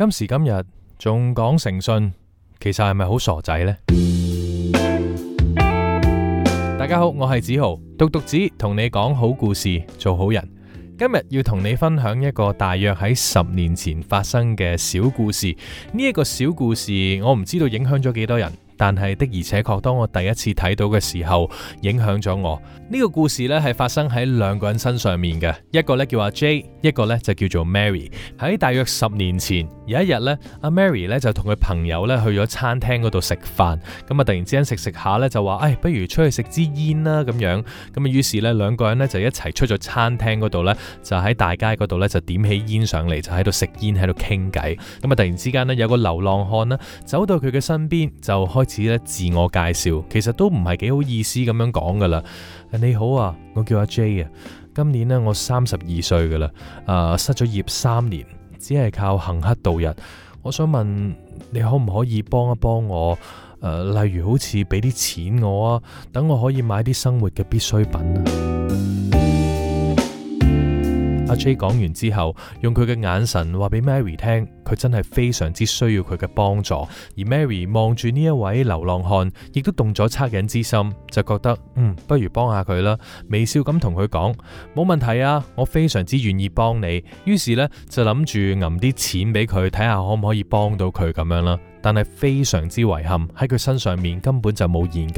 今時今日仲講誠信，其實係咪好傻仔呢？大家好，我係梓豪，獨讀子同你講好故事，做好人。今日要同你分享一個大約喺十年前發生嘅小故事。呢、這、一個小故事，我唔知道影響咗幾多人。但係的而且確當我第一次睇到嘅時候，影響咗我。呢個故事咧係發生喺兩個人身上面嘅，一個咧叫阿 J，一個咧就叫做 Mary。喺大約十年前有一日咧，阿 Mary 咧就同佢朋友咧去咗餐廳度食飯，咁啊，突然之間食食下咧就話誒，不如出去食支煙啦咁樣咁啊，於是咧兩個人咧就一齊出咗餐廳度咧，就喺大街度咧就點起煙上嚟，就喺度食煙喺度傾偈。咁啊，突然之間咧有個流浪漢咧走到佢嘅身邊就開。似咧自我介紹，其實都唔係幾好意思咁樣講㗎喇。你好啊，我叫阿 J 啊，今年呢，我三十二歲㗎喇。誒，失咗業三年，只係靠行乞度日。我想問你可唔可以幫一幫我？誒、呃，例如好似俾啲錢我啊，等我可以買啲生活嘅必需品啊。阿 J 講完之後，用佢嘅眼神話俾 Mary 聽，佢真係非常之需要佢嘅幫助。而 Mary 望住呢一位流浪漢，亦都動咗惻隱之心，就覺得嗯，不如幫下佢啦。微笑咁同佢講，冇問題啊，我非常之願意幫你。於是呢，就諗住揞啲錢俾佢，睇下可唔可以幫到佢咁樣啦。但係非常之遺憾，喺佢身上面根本就冇現金，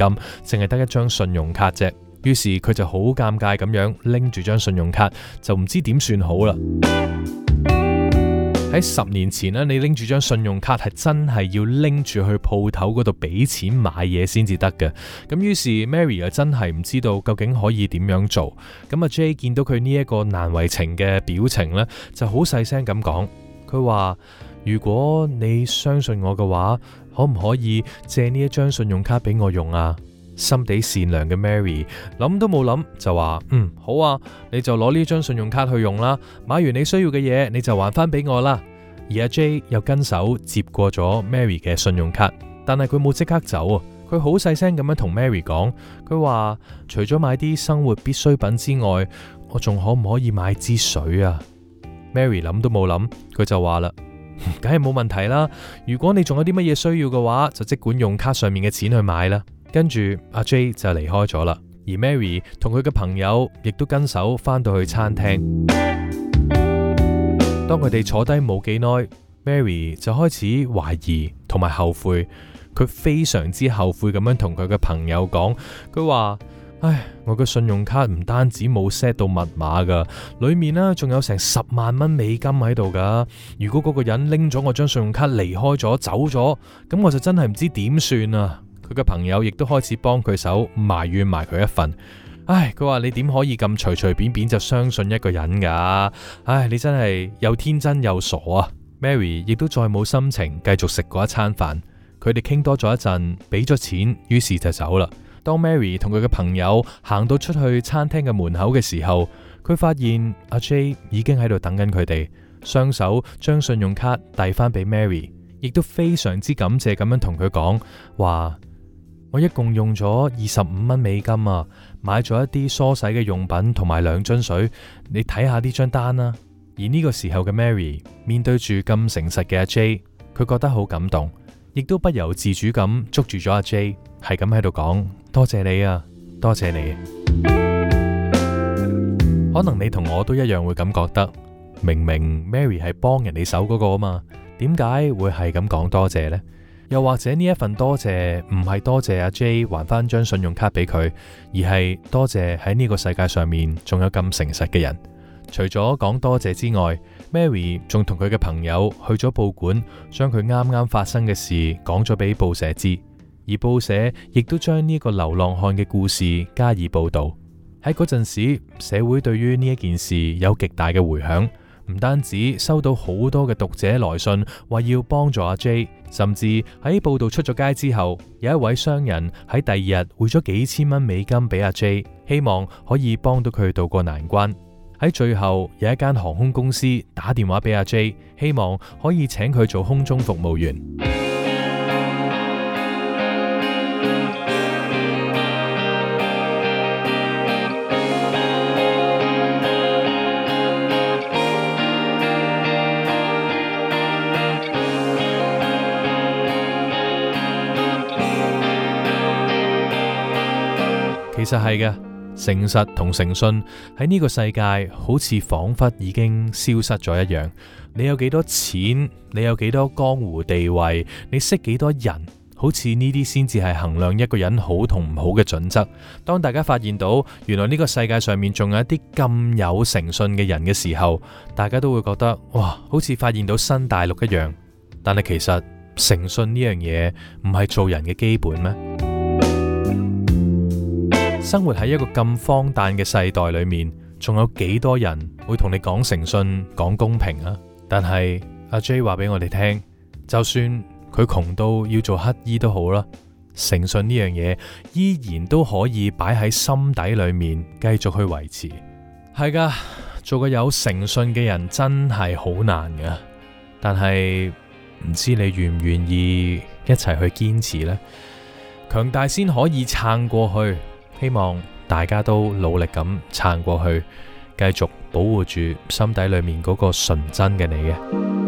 淨係得一張信用卡啫。於是佢就好尷尬咁樣拎住張信用卡，就唔知點算好啦。喺 十年前呢，你拎住張信用卡係真係要拎住去鋪頭嗰度俾錢買嘢先至得嘅。咁於是 Mary 啊真係唔知道究竟可以點樣做。咁阿 Jay 見到佢呢一個難為情嘅表情呢，就好細聲咁講，佢話：如果你相信我嘅話，可唔可以借呢一張信用卡俾我用啊？心地善良嘅 Mary 諗都冇諗就話：嗯好啊，你就攞呢張信用卡去用啦，買完你需要嘅嘢你就還翻俾我啦。而阿 J 又跟手接過咗 Mary 嘅信用卡，但係佢冇即刻走啊，佢好細聲咁樣同 Mary 講，佢話除咗買啲生活必需品之外，我仲可唔可以買支水啊？Mary 諗都冇諗，佢就話啦：梗係冇問題啦。如果你仲有啲乜嘢需要嘅話，就即管用卡上面嘅錢去買啦。跟住阿 J 就離開咗啦，而 Mary 同佢嘅朋友亦都跟手翻到去餐廳。 當佢哋坐低冇幾耐，Mary 就開始懷疑同埋後悔，佢非常之後悔咁樣同佢嘅朋友講，佢話：唉，我嘅信用卡唔單止冇 set 到密碼噶，裏面呢仲有成十萬蚊美金喺度噶。如果嗰個人拎咗我張信用卡離開咗走咗，咁我就真係唔知點算啊！佢嘅朋友亦都開始幫佢手埋怨埋佢一份。唉，佢話你點可以咁隨隨便便就相信一個人噶？唉，你真係又天真又傻啊！Mary 亦都再冇心情繼續食嗰一餐飯。佢哋傾多咗一陣，俾咗錢，於是就走啦。當 Mary 同佢嘅朋友行到出去餐廳嘅門口嘅時候，佢發現阿 J 已經喺度等緊佢哋，雙手將信用卡遞翻俾 Mary，亦都非常之感謝咁樣同佢講話。我一共用咗二十五蚊美金啊，買咗一啲梳洗嘅用品同埋兩樽水，你睇下呢張單啊。而呢個時候嘅 Mary 面對住咁誠實嘅阿 J，佢覺得好感動，亦都不由自主咁捉住咗阿 J，係咁喺度講多謝你啊，多謝你啊。可能你同我都一樣會咁覺得，明明 Mary 係幫人哋手嗰個啊嘛，點解會係咁講多謝呢？又或者呢一份多謝唔係多謝阿 J 還返張信用卡俾佢，而係多謝喺呢個世界上面仲有咁誠實嘅人。除咗講多謝之外，Mary 仲同佢嘅朋友去咗報館，將佢啱啱發生嘅事講咗俾報社知，而報社亦都將呢個流浪漢嘅故事加以報道。喺嗰陣時，社會對於呢一件事有極大嘅回響。唔單止收到好多嘅讀者來信，話要幫助阿 J，甚至喺報道出咗街之後，有一位商人喺第二日匯咗幾千蚊美金俾阿 J，希望可以幫到佢渡過難關。喺最後，有一間航空公司打電話俾阿 J，希望可以請佢做空中服務員。其實係嘅，誠實同誠信喺呢個世界好似仿佛已經消失咗一樣。你有幾多錢？你有幾多江湖地位？你識幾多人？好似呢啲先至係衡量一個人好同唔好嘅準則。當大家發現到原來呢個世界上面仲有一啲咁有誠信嘅人嘅時候，大家都會覺得哇，好似發現到新大陸一樣。但係其實誠信呢樣嘢唔係做人嘅基本咩？生活喺一個咁荒誕嘅世代裏面，仲有幾多人會同你講誠信、講公平啊？但係阿、啊、Jay 話俾我哋聽，就算佢窮到要做乞衣都好啦，誠信呢樣嘢依然都可以擺喺心底裏面繼續去維持。係噶，做個有誠信嘅人真係好難噶。但係唔知你願唔願意一齊去堅持呢？強大先可以撐過去。希望大家都努力咁撐過去，繼續保護住心底裏面嗰個純真嘅你嘅。